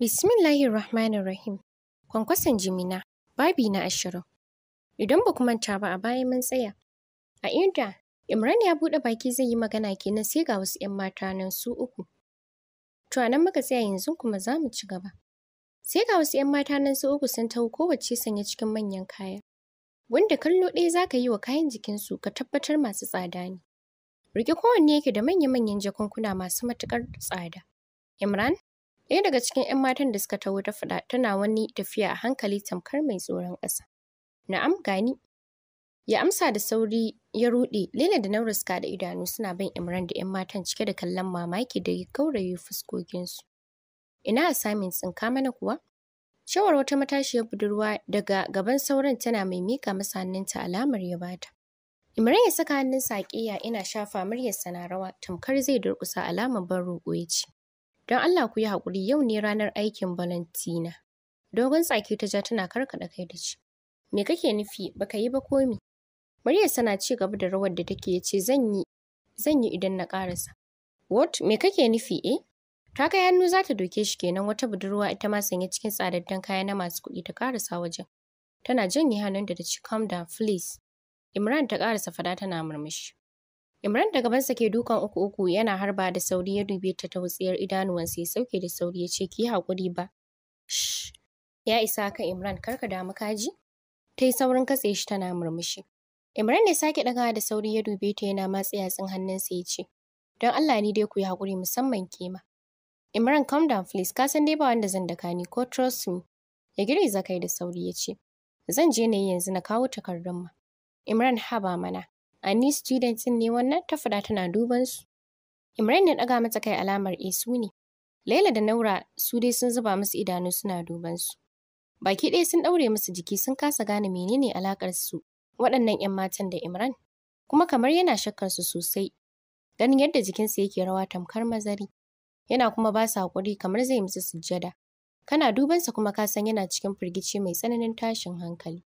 Bismillahir Rahmanir Rahim. Kwankwason jimina, babi na ashirin. Idan ba manta ba a bayan mun tsaya. A inda Imran ya buɗe baki zai yi magana kenan sai ga wasu 'yan mata nan su uku. To a nan muka tsaya yanzu kuma za mu ci gaba. Sai ga wasu 'yan mata nan su uku sun taho kowacce sanye cikin manyan kaya. Wanda kallo ɗaya za ka yi wa kayan jikinsu ka tabbatar masu tsada ne. Riƙe kowanne yake da manya-manyan jakunkuna masu matuƙar tsada. Imran Ɗaya daga cikin 'yan matan da suka taho ta faɗa tana wani tafiya a hankali tamkar mai tsoron ƙasa. Na'am gani. Ya amsa da sauri ya ruɗe, Laila da Nauraska da idanu suna bin Imran da 'yan matan cike da kallon mamaki da gauraye fuskokinsu. Ina a samin tsinka mana kuwa? Cewar wata matashiyar budurwa daga gaban sauran tana mai mika masa hannunta alamar ya bata. Imran ya saka hannun saƙiya ina shafa muryarsa na rawa tamkar zai durƙusa alamar ban roƙo ya ce. Don Allah ku yi haƙuri yau ne ranar aikin Valentina. Dogon tsaki ta ja tana karkaɗa kai da shi. Me kake nufi baka yi ba komi? Maryam tana ci gaba da rawar da take ce zan yi zan yi idan na ƙarasa. What me kake nufi eh? Ta kai hannu za ta doke shi kenan wata budurwa ita ma sanye cikin tsadaddan kaya na masu kuɗi ta ƙarasa wajen. Tana janye hannun da ta ci calm down Imran ta ƙarasa fada tana murmushi. Imran da gabansa ke dukan uku uku yana harba da sauri ya dube ta ta wutsiyar idanuwansa ya sauke da sauri ya ce ki haƙuri ba. Ya isa ka Imran kar ka damu kaji. Ta yi saurin katse shi tana murmushi. Imran ne sake ɗagawa da sauri ya dube ta yana matsa yatsun hannunsa ya ce don Allah ni dai ku yi haƙuri musamman kema. Imran calm down please ka san dai ba wanda zan daka ni ko trust me. Ya girgiza kai da sauri ya ce zan je ne yanzu na kawo takardun ma. Imran haba mana a ni student ne wannan ta fada tana duban su imran ya daga mata kai alamar e su ne laila da naura su dai sun zuba musu idanu suna duban su baki ɗaya sun ɗaure musu jiki sun kasa gane menene alakar su waɗannan 'yan matan da imran kuma kamar yana shakkar su sosai ganin yadda jikinsa yake rawa tamkar mazari yana kuma ba su haƙuri kamar zai musu sujjada kana dubansa kuma ka san yana cikin firgici mai tsananin tashin hankali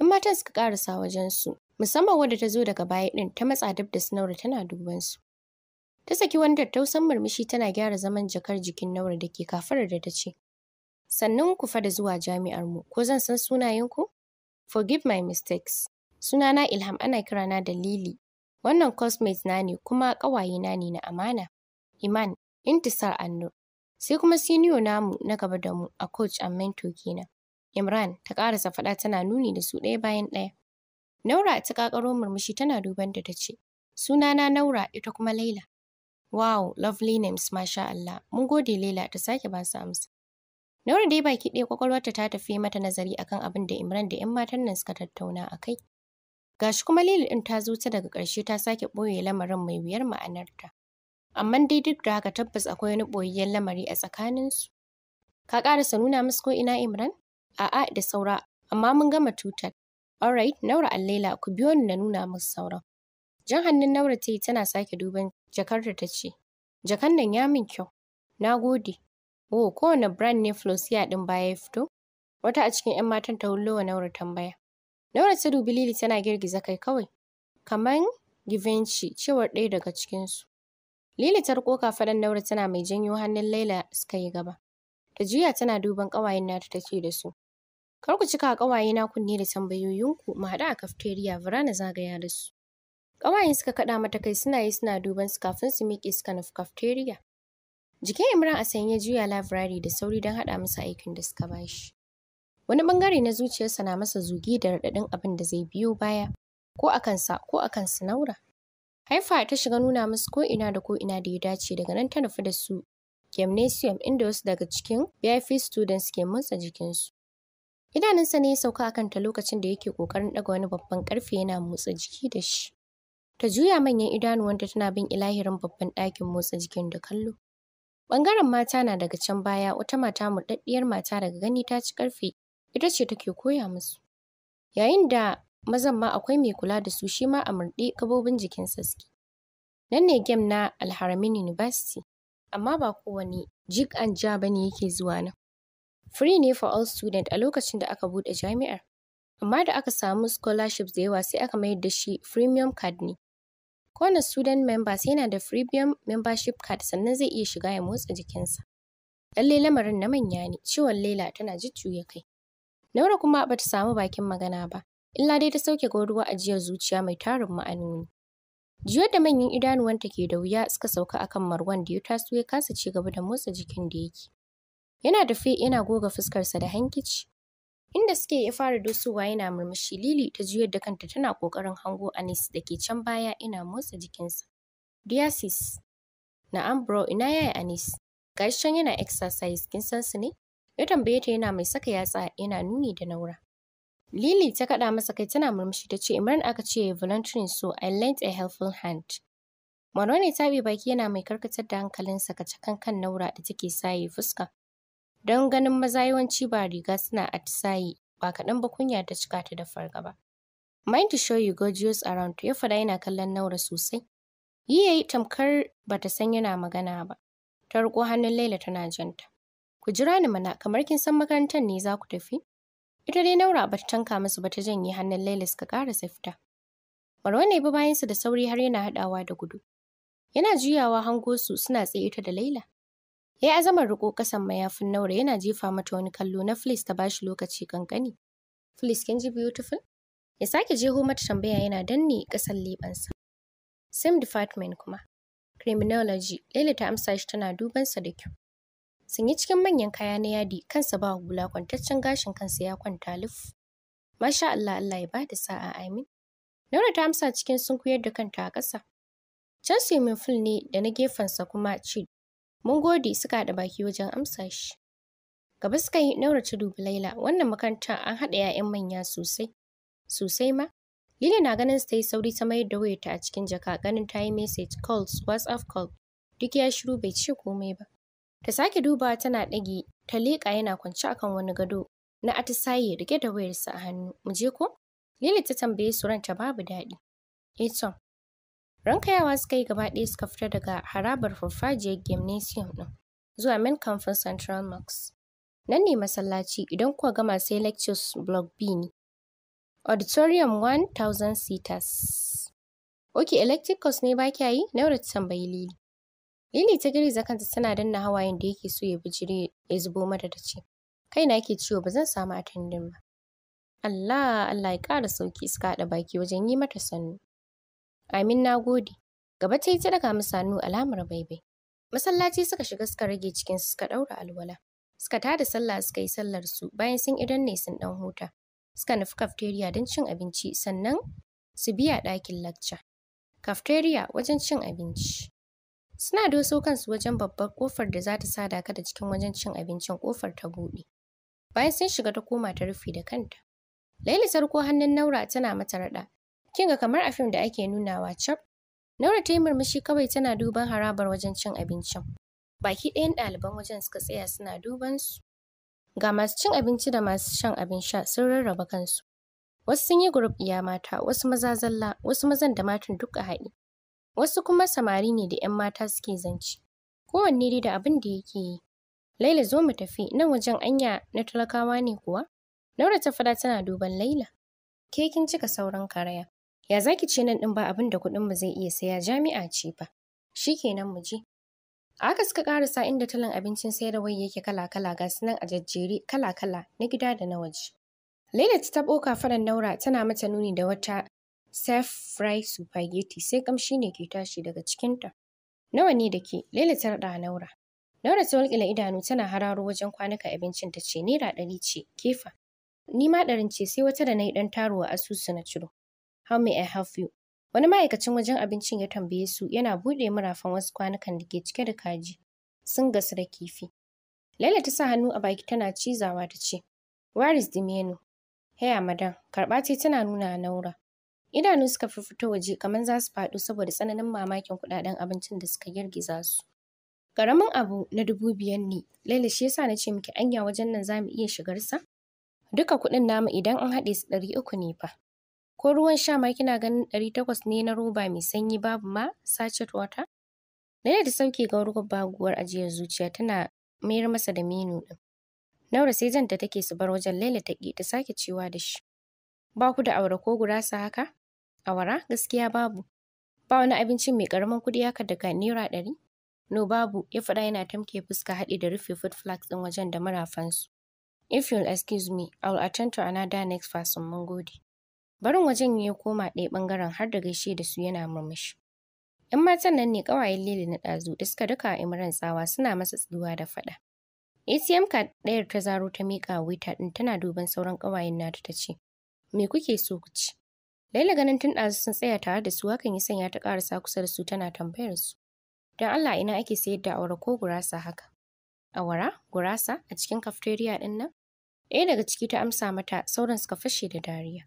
in matan suka wajen su. musamman wadda ta zo daga baya ɗin ta matsa dab da Sinaura tana duban su. Ta saki wani tattausan murmushi tana gyara zaman jakar jikin Naura da ke kafarar da ta ce, Sannan ku fa zuwa jami'ar mu, ko zan san sunayenku? Forgive my mistakes. Sunana Ilham ana kirana da Lily. Wannan cosmate na ne kuma ƙawayena na ne na amana. Iman, Intisar annu Sai kuma senior namu na gaba da mu a coach a mentor kenan. Imran ta ƙarasa faɗa tana nuni da su ɗaya bayan ɗaya. Naura ta ƙaƙaro murmushi tana duban da ta ce, na, Naura ita kuma Laila. Wow, lovely names, masha Allah. Mun gode Laila ta sake ba su amsa. Naura dai baki ɗaya ƙwaƙwalwarta ta tafi mata nazari akan abin da Imran da 'yan matan nan suka tattauna a kai. Gashi kuma Laila ɗin ta zo ta daga ƙarshe ta sake ɓoye lamarin mai wuyar ma'anarta. Amma dai duk da haka tabbas akwai wani ɓoyayyen lamari a tsakaninsu. Ka ƙarasa nuna musu ko ina Imran? A'a da saura, amma mun gama tutar. Alright, Naura Allaila, ku biyo ni na nuna musu sauran. Jan hannun Naura ta yi tana sake duban jakar da ta ce, Jakan nan ya min kyau, na gode. Oh, kowane brand ne Flosia din ba ya fito? Wata a cikin ‘yan matan ta hullowa Naura tambaya. Naura ta dubi Lili tana girgiza kai kawai, kamar Givenchy cewar ɗaya daga cikinsu. Lili ta riko kafaɗan Naura tana mai janyo hannun Laila suka yi gaba. Ta juya tana duban ƙawayen nata ta ce da su, Kar ku cika kawaye na kunne da tambayoyin ku mu haɗu a cafeteria bara zagaya da su. Ƙawayen suka kaɗa mata kai suna yi suna duban su kafin su miƙe suka nufi cafeteria. Jikin Imran a sanye juya library da sauri don haɗa masa aikin da suka bashi. Wani bangare na zuciyarsa na masa zugi da raɗaɗin abin da zai biyo baya, ko a kansa ko a kansa Naura. Haifa ta shiga nuna musu ko ina da ko ina da ya dace daga nan ta nufi da su gymnasium inda wasu daga cikin BIF students ke motsa jikinsu. Idanunsa ne ya sauka a kanta lokacin da yake ƙoƙarin ɗaga wani babban ƙarfe yana motsa jiki da shi. Ta juya manyan idanu wanda tana bin ilahirin babban ɗakin motsa jikin da kallo. Ɓangaren mata na daga can baya wata mata murɗaɗɗiyar mata daga gani ta ci ƙarfe ita ce take koya musu. Yayin da mazan ma akwai mai kula da su shi ma a murɗe gabobin jikin suke. Nan ne gem na Alharamin University amma ba kowane jig an ja bane yake zuwa nan. free ne for all students a lokacin da aka buɗe jami'ar. Amma da aka samu scholarships da yawa sai aka mayar da shi freemium card ne. Kowane student members yana da freemium membership card sannan zai iya shiga ya motsa jikinsa. Lallai lamarin na manya ne, ciwon Laila tana ya kai. Naura kuma ba ta samu bakin magana ba, illa dai ta sauke gauruwa ajiyar zuciya mai tarin ma'anoni. Jiyar da manyan idanuwanta ke da wuya suka sauka akan Marwan da ya taso ya kasa ci gaba da motsa jikin da yake. Yana da dafe yana goga fuskarsa da hankici. Inda suke ya fara dosowa yana murmushi Lili ta juyar da kanta tana ƙoƙarin hango Anis da ke can baya ina motsa jikinsa. Diasis, na Ambro ina yaya Anis? Gashi can yana exercise kin san su ne? Ya tambaye ta yana mai saka yatsa yana nuni da naura. Lili ta kaɗa masa kai tana murmushi ta ce Imran aka ce volunteering so I lent a helpful hand. Marone ta bi baki yana mai karkatar da hankalinsa kacakan kan naura da take saye fuska. don ganin maza yawanci ba riga suna atisaye ba kaɗan ba kunya ta cika ta da fargaba. Mind to show you gorgeous around ya faɗa yana kallon Naura sosai. Yi yayi tamkar ba ta san yana magana ba. Ta riko hannun Laila tana janta. Ku jira ni mana kamar kin san makarantar ne za ku tafi? Ita dai Naura bata tanka musu ba ta janye hannun Laila suka ƙara fita. Marwan ne bi bayansu da sauri har yana haɗawa da gudu. Yana juyawa hango su suna tsaye ita da Laila. Ya yi azamar riƙo ƙasan mayafin Naura yana jefa mata wani kallo na Flis ta bashi lokaci kankani. Flis kin ji beautiful? Ya sake jeho mata tambaya yana danne ƙasan lebansa. Same department kuma. Criminology, Laila ta amsa shi tana dubansa da kyau. Sun yi cikin manyan kaya na yadi, kansa ba hula kwantaccen gashin kansa ya kwanta luf. Masha Allah Allah ya bada sa'a amin. Naura ta amsa cikin sunkuyar da kanta a ƙasa. Can swimming ne da na gefensa kuma ce Mun gode suka haɗa baki wajen amsa shi. Gaba suka yi Naura ta dubi Laila, wannan makarantar an haɗa 'ya'yan manya sosai, sosai ma. Lili na ganin su ta yi sauri ta mayar da wayarta a cikin jaka ganin ta yi message calls, WhatsApp call. Duk ya shiru bai ce komai ba. Ta sake dubawa tana ɗage, ta leƙa yana kwance akan wani gado na atisaye rike da wayarsa a hannu. Mu je ko? Lili ta tambaye su ranta babu daɗi. Eton. Eh Rankayawa suka yi gaba ɗaya suka fita daga harabar farfajiyar gymnasium ɗin zuwa main campus Central Mosque. Nan ne masallaci idan kuwa gama sai lectures block B ne. Auditorium 1000 seaters. Ok, electric course ne ba kya yi? Naura ta tambayi Lili. Lili ta girgiza kanta tana danna hawayen da yake so ya bijire ya zubo mata ta ce, kai na yake ciwo ba zan samu attending ba. Allah, Allah ya ƙara sauki suka haɗa baki wajen yi mata sannu. Amin na gode. Gaba ta yi ta daga musu hannu alamar baibai. Masallaci suka shiga suka rage cikin suka ɗaura alwala. Suka da sallah suka yi sallar su bayan sun idan ne sun ɗan huta. Suka nufi kafteriya don cin abinci sannan su biya ɗakin lacca. Kafteriya wajen cin abinci. Suna doso kansu wajen babbar kofar da za ta sada ka da cikin wajen cin abincin kofar ta buɗe. Bayan sun shiga ta koma ta rufe da kanta. Laila sarko hannun Naura tana mata raɗa kin ga kamar a fim da ake nunawa cap Naura ta yi murmushi kawai tana duban harabar wajen cin abincin. Baki ɗayan ɗaliban wajen suka tsaya suna duban su. Ga masu cin abinci da masu shan abin sha sun rarraba kansu. Wasu sun yi gurup iya mata, wasu maza zalla, wasu mazan da matan duk a haɗe. Wasu kuma samari ne da ‘yan mata suke zance. Kowanne dai da abin da yake yi. Laila zo mu tafi, nan wajen anya na talakawa ne kuwa? Naura ta fada tana duban Laila. Ke kin cika sauran karaya. Ya za ki ce nan ɗin ba abin da mu zai iya saya jami'a ce ba? Shi kenan mu je. A haka suka ƙarasa inda talan abincin sayarwar yake kala-kala ga su nan a jajjere kala-kala na gida da na waje. Laila ta taɓo kafaran Naura tana mata nuni da wata self fry spaghetti sai kamshi ne ke tashi daga cikinta. Nawa ne da ke? Laila ta raɗa Naura. Naura ta walƙila idanu tana hararo wajen kwanuka abincin ta ce naira ɗari ce kefa. Ni ma ɗarin ce sai wata da na yi ɗan taro a asusu na ciro. How may I help you? Wani ma'aikacin wajen abincin ya tambaye su yana buɗe murafan wasu kwanukan da ke cike da kaji. Sun gasu da kifi. Laila ta sa hannu a baki tana cizawa ta ce, Where is the menu? Heya madam, karɓa ce tana nuna Naura. Idanu suka fi fito waje kamar za su faɗo saboda tsananin mamakin kuɗaɗen abincin da suka girgiza su. Ƙaramin abu na dubu biyar ne, Laila shi yasa na ce miki anya wajen nan za mu iya shigarsa Duka kuɗin namu idan an haɗe su ɗari uku ne fa. ko ruwan sha ma kina ganin ɗari takwas ne na roba mai sanyi babu ma sachet water Na da sauke ga rugar baguwar ajiyar zuciya tana mayar masa da menu ɗin. Naura sai janta take su bar wajen Laila ta ta sake cewa da shi. Ba ku da awara ko gurasa haka? Awara gaskiya babu. Ba wani abinci mai ƙaramin kuɗi haka daga naira ɗari? No babu ya faɗa yana tamke fuska haɗi da rufe food flax ɗin wajen da marafansu. If you'll excuse me, I'll attend to another next person mun gode. Barin wajen ya koma ɗaya ɓangaren har da gaishe da su yana murmushi. ‘Yan matan nan ne ƙawayen Lili na ɗazu da suka duka Imran tsawa suna masa tsiwa da faɗa. ATM card ɗayar ta zaro ta miƙa wita ɗin tana duban sauran ƙawayen nata ta ce, Me kuke so ku ci? Laila ganin tun ɗazu sun tsaya tare da su hakan ya sanya ta ƙarasa kusa da su tana tambayar su. Don Allah ina ake sayar da awara ko gurasa haka? Awara, gurasa a cikin kafteriya ɗin nan? Ɗaya daga ciki ta amsa mata sauran suka fashe da dariya.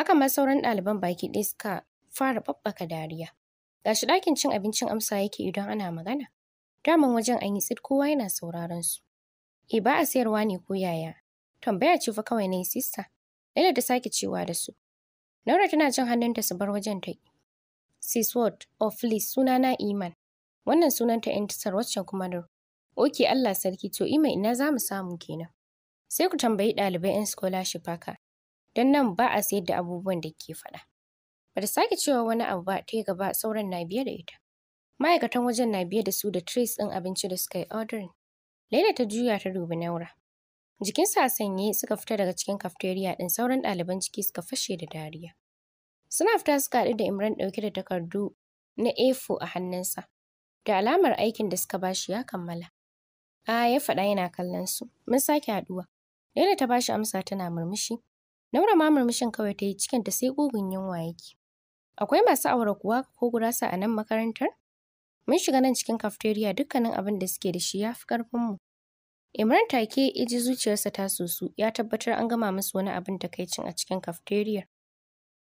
Haka ma sauran ɗaliban baki ɗaya suka fara babbaka dariya. Gashi ɗakin cin abincin amsa yake idan ana magana. Daman wajen an yi tsit kowa yana sauraron su. E ba a sayarwa ne ko yaya? Tambaya ce fa kawai na yi sista. Laila ta sake cewa da su. Naura tana jin hannunta su bar wajen ta yi. Sisword of suna na Iman. Wannan sunanta Intisar waccan kuma da. Oke Allah sarki to Iman ina za mu samu kenan. Sai ku tambayi ɗalibai 'yan scholarship haka. don nan ba a sayar da abubuwan da ke faɗa. Ba ta sake cewa wani abu ba ta yi gaba sauran na biye da ita. Ma'aikatan wajen na biye da su da Tres ɗin abinci da suka yi ordering. Laila ta juya ta dubi Naura. Jikinsa a sanye suka fita daga cikin cafeteria ɗin sauran ɗaliban ciki suka fashe da dariya. Suna fita suka haɗu da Imran ɗauke da takardu na A4 a hannunsa. Da alamar aikin da suka bashi ya kammala. A ya faɗa yana kallon su. Mun sake haɗuwa. Laila ta bashi amsa tana murmushi. Naura ma murmushin kawai ta yi cikin ta sai kogin yunwa yake. Akwai masu aure kuwa ko gurasa a nan makarantar? Mun shiga nan cikin kafteriya dukkanin abin da suke da shi ya fi ƙarfinmu. Imran take ya ji zuciyarsa ta sosu ya tabbatar an gama musu wani abin da takaicin a cikin cafeteria.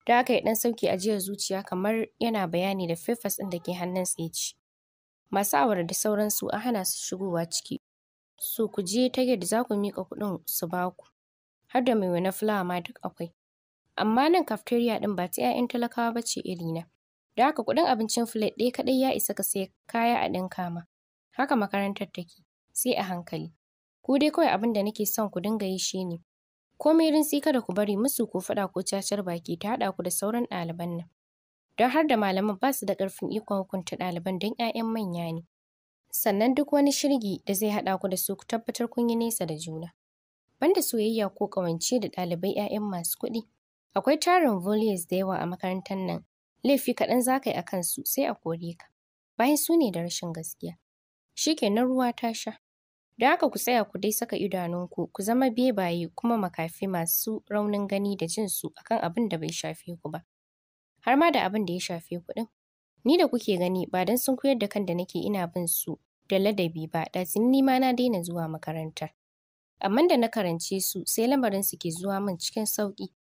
Da aka yi ɗan sauki ajiyar zuciya kamar yana bayani da fefas ɗin da ke hannun tsaici. Masu awara da sauransu a hana su shigowa ciki. Su ku je ta yadda za ku miƙa kuɗin su ba ku. har da mai na fulawa ma duk akwai. Amma nan cafeteria ɗin ba ta 'ya'yan talakawa ba ce iri na. Da haka kuɗin abincin filet ɗaya kaɗai ya isa ka saya kaya a ɗinka ma. Haka makarantar take, sai a hankali. Ku dai kawai abin da nake son ku dinga yi shi ne, komai sai kada ku bari musu ko faɗa ko cacar baki ta haɗa ku da sauran ɗaliban nan. Don har da malaman ba su da ƙarfin ikon hukunta ɗaliban don 'ya'yan manya ne. Sannan duk wani shirgi da zai haɗa ku da su ku tabbatar kun yi nesa da juna. banda soyayya ko ƙawance da ɗalibai 'ya'yan masu kuɗi. Akwai tarin volleys da yawa a makarantar nan, laifi kaɗan za ka yi a kansu sai a kore ka. Bayan su ne da rashin gaskiya. Shi kenan ruwa ta sha. Da haka ku tsaya ku dai saka idanunku, ku zama bebaye kuma makafi masu raunin gani da jin su akan abin da bai shafe ku ba. Har ma da abin da ya shafe ku ɗin. Ni da kuke gani ba don sun koyar da kan da nake ina bin su da ladabi ba, da ni ma na daina zuwa makarantar. amma da na karance su sai lamarin su ke zuwa min cikin sauƙi.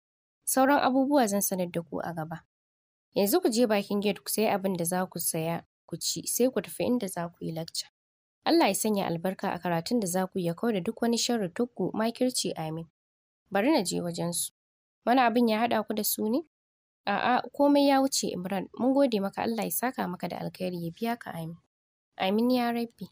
Sauran abubuwa zan sanar da ku a gaba. Yanzu ku je bakin gate ku sayi abin da za ku saya ku ci sai ku tafi inda za ku yi lacca. Allah ya sanya albarka a karatun da za ku ya kawar da duk wani sharri tukku makirci amin. Bari na je wajen su. Wani abin ya haɗa ku da su ne? A'a komai ya wuce Imran mun gode maka Allah ya saka maka da alkhairi ya biya ka amin. Amin ya rabbi.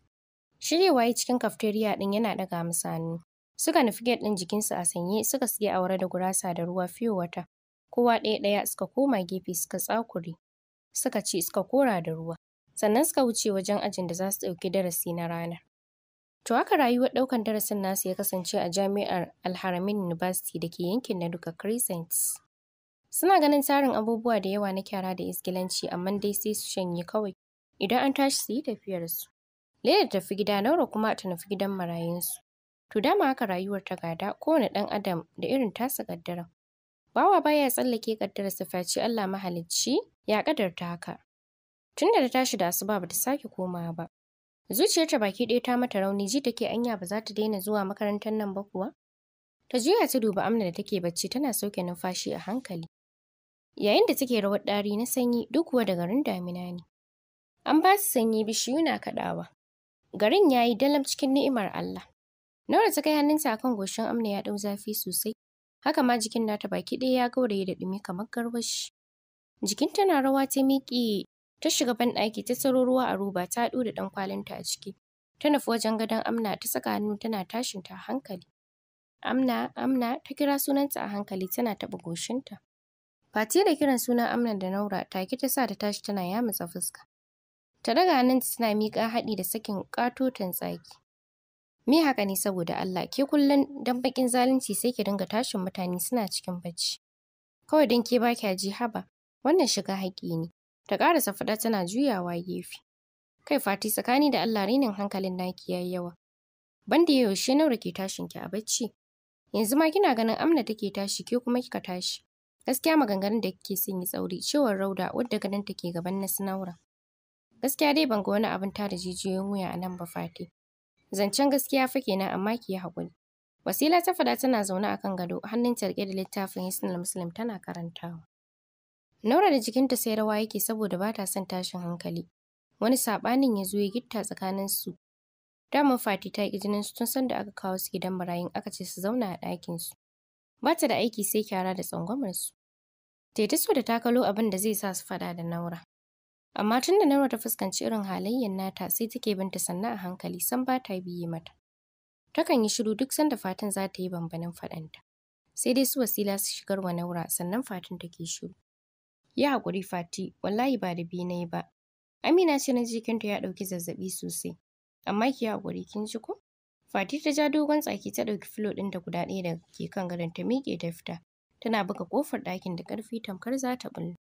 waye cikin kafteriya ɗin yana ɗaga musu Suka nufi gate ɗin jikinsu a sanye suka siye aure da gurasa da ruwa fiyo wata. Kowa ɗaya ɗaya suka koma gefe suka tsakure. Suka ci suka kora da ruwa. Sannan suka wuce wajen ajin da za su ɗauki darasi na rana. To haka rayuwar ɗaukan darasin nasu ya kasance a jami'ar Alharamin University da ke yankin na duka Crescent. Suna ganin tarin abubuwa da yawa na kyara da iskilanci amma dai sai su shanye kawai idan an tashi su yi tafiyarsu. Leda tafi gida Naura kuma ta nufi gidan marayunsu. To dama haka rayuwar ta gada kowane ɗan adam da irin tasa ƙaddara Bawa baya tsallake ƙaddararsa face Allah mahalicci ya ƙadarta haka. Tunda ta tashi da asuba bata sake komawa ba. Zuciyarta baki ɗaya ta mata rauni ji take anya ba za ta daina zuwa makarantar nan ba kuwa. Ta juya ta duba Amna da take bacci tana sauke numfashi a hankali. Yayin da take rawar ɗari na sanyi duk kuwa da garin damina ne. An ba su sanyi bishiyu na kaɗawa. Garin ya yi dalam cikin ni'imar Allah. Naura ta kai hannunta a kan goshin Amna ya ɗau zafi sosai. Haka ma jikin nata baki ɗaya ya gauraye da ɗumi kamar garwashi. Jikin tana rawa ta miƙe ta shiga banɗaki ta tsaro ruwa a roba ta haɗu da ɗan kwalinta a ciki. Ta nufi wajen gadon Amna ta saka hannu tana tashin ta hankali. Amna, Amna ta kira sunanta a hankali tana taɓa goshinta. Fati da kiran sunan Amna da Naura take ta sa ta tashi tana yamutsa fuska. Ta daga hannunta tana miƙa haɗi da sakin ƙatoton tsaki. Me haka ne saboda Allah ke kullum dan bakin zalunci sai ki dinga tashin mutane suna cikin bacci. Kawai don ke baki a ji haba, wannan shiga haƙƙi ne. Ta ƙarasa faɗa tana juyawa gefe. Kai Fati tsakani da Allah rinin hankalin naki yayi yawa. Banda yaushe nawa ke tashin ki a bacci? Yanzu ma kina ganin Amna take tashi ke kuma kika tashi. Gaskiya maganganun da kike son yi tsauri cewar Rauda wadda ganin take gaban na Sinaura. Gaskiya dai ban ga wani abin tada jijiyoyin wuya a nan ba Fati. Zancen gaskiya fa kenan amma ki yi hakuri Wasila ta fada tana zaune a kan gado, Hannun tarke da littafin Hisnul Muslim tana karantawa. Naura da jikinta sai rawa yake saboda ba ta son tashin hankali. Wani saɓanin ya zo ya gitta tsakanin su. Daman Fati ta ƙi jinin su tun da aka kawo su gidan marayin aka ce su zauna a ɗakin su. Ba ta da aiki sai kyara da tsangwamar su. ta so da takalo abin da zai sa su faɗa da Naura. Amma tun da nara ta fuskanci irin halayyar nata sai take binta sannan a hankali san ba ta biye mata. Takan yi shiru duk sanda Fatin za ta yi bambanin faɗanta. Sai dai su wasila su shigar wa Naura sannan Fatin take shiru. Ya haƙuri Fati, wallahi ba da biyu na yi ba. Amina ce na jikinta ya ɗauki zazzaɓi sosai. Amma ki haƙuri kin ji ko? Fati ta ja dogon tsaki ta ɗauki filo ɗin da guda ɗaya daga ke kan gadon ta miƙe ta fita. Tana buga ƙofar ɗakin da ƙarfi tamkar za ta ɓullo.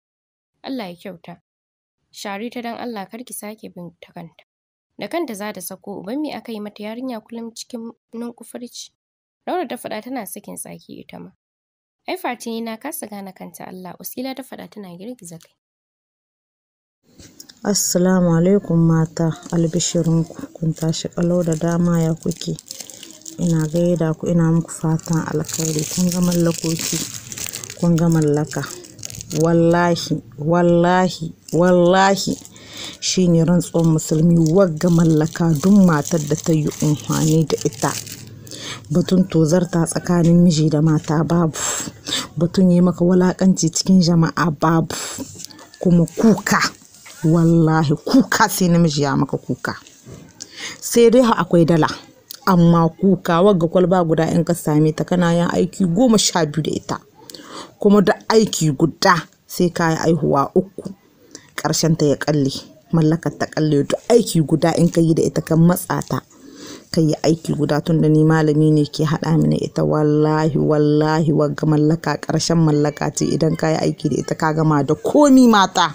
Allah ya kyauta. share ta don Allah kar ki sake bin ta kanta. Da kanta za ta sako uban mi aka yi mata yarinya kullum cikin kufurci. Laura ta faɗa tana sakin tsaki ita ma. Ai Fatini na kasa gane kanta Allah Usila ta faɗa tana girgiza kai. Assalamu alaikum mata albishirinku kun tashi kalau da dama ya kuke ina gaida ku ina muku fatan alkhairi kun ga mallakoki kun ga mallaka wallahi wallahi wallahi shine rantsuwar musulmi wagga mallaka duk matar da ta yi amfani da ita batun tozarta tsakanin miji da mata babu batun yi maka walakanci cikin jama'a babu kuma kuka wallahi kuka sai namiji ya maka kuka sai dai akwai dala amma kuka wagga kwalba guda in ka same ta kana yin aiki goma sha biyu da ita kuma da aiki guda sai ka yi aihuwa uku ta ya kalle mallakar ta kalle duk aiki guda in ka yi da ita kan matsa ta yi aiki guda tun da ni malami ne ke haɗa mini ita wallahi wallahi wagga mallaka ƙarshen mallaka ce idan ka yi aiki da ita ka gama da komi mata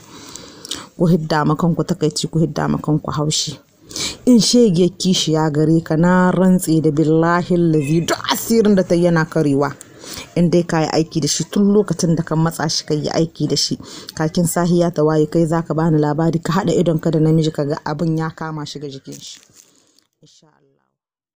ku hidda makanku takaici ku hidda makanku haushi in shege kishiya gare ka na rantse da billahi lazi duk asirin da ta yana karewa in dai ka yi aiki da shi tun lokacin da ka matsa shi ka yi aiki da shi kakin sahiya ta waye kai zaka bani labari ka haɗa idon ka da namiji ka ga abin ya kama shi ga jikin shi